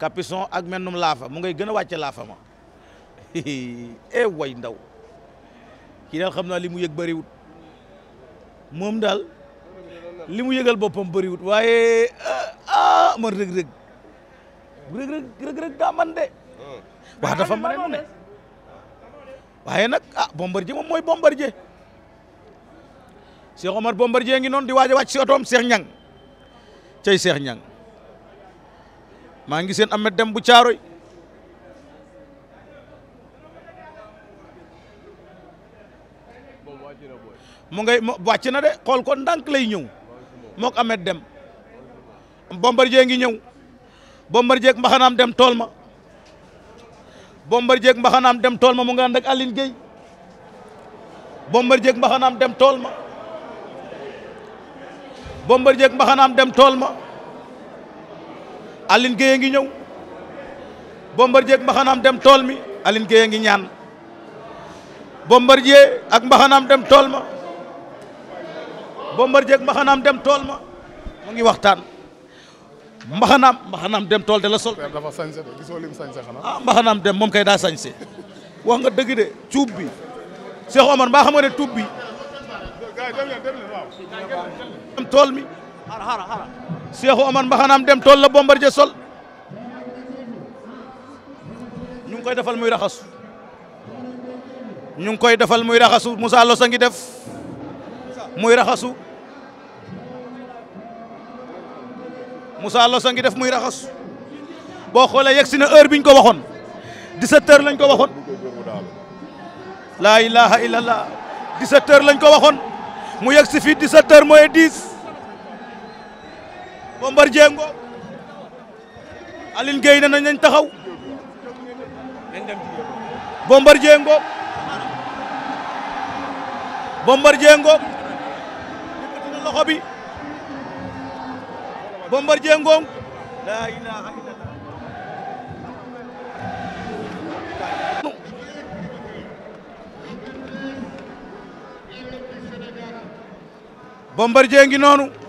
capuçon ak mennum laafa mu ngay gën a wàcce laafa ma e way ndaw kii daal xam naa li mu yëg bëriwut moom daal li mu yëgal boppam bëriwut waaye ah, ah man rëg-rëg rëg-rëg rëg-rëg daa man de hmm. wax dafa ma nu ne waaye nag ah Bombardier moom mooy Bombardier Cheikh Omar Bombardier ngi noonu di waaj a wàcc si otoom Cheikh Ñang cey Cheikh Ñang maa ngi seen Ahmed Deme bu Caaroy mu ngay wàcc na de xool ko ndànk lay ñëw mook dem Deme Bombardier ngi ñëw Bombardier mbaxanaam dem tool ma Bombardier mbaxanaam dem tool ma mu nga ànd ak Aline Gueye Bombardier mbaxanaam dem tool ma Bombardier mbaxanaam dem tool ma Aline Gueye ngi ñew Bombardier ak mbaxanam dem tol mi Aline Gueye ngi ñaan Bombardier ak mbaxanam dem tol ma Bombardier ak mbaxanam dem tol ma mo ngi waxtaan mbaxanam mbaxanam dem tol de la sol dafa sañse de gisoo lim sañse xana ah mbaxanam dem mom kay da sañse wax nga deug de ciub bi Cheikh Omar mbaa xam nga ne cuub bi dem tol mi har har har Seexu Omar mbaxanaam dem tool la Bombardier sol ñu ngi koy defal muy raxasu ñu ngi koy defal muy raxasu Moussa Loss a ngi def muy raxasu Moussa Loss a def muy raxasu boo xoolee yegg heure biñ ko waxoon 17 heures lañ ko waxoon laa ilaha illallah 17 heures lañ ko waxoon mu yegg si 17 heures mooy 10 Bombardier ngo Aline Gueye ne nañ taxaw Bombardier ngo Bombardier ngo yëkkati na loxo bi Bombardier ngo la ilaha illallah Bombardier ngi noonu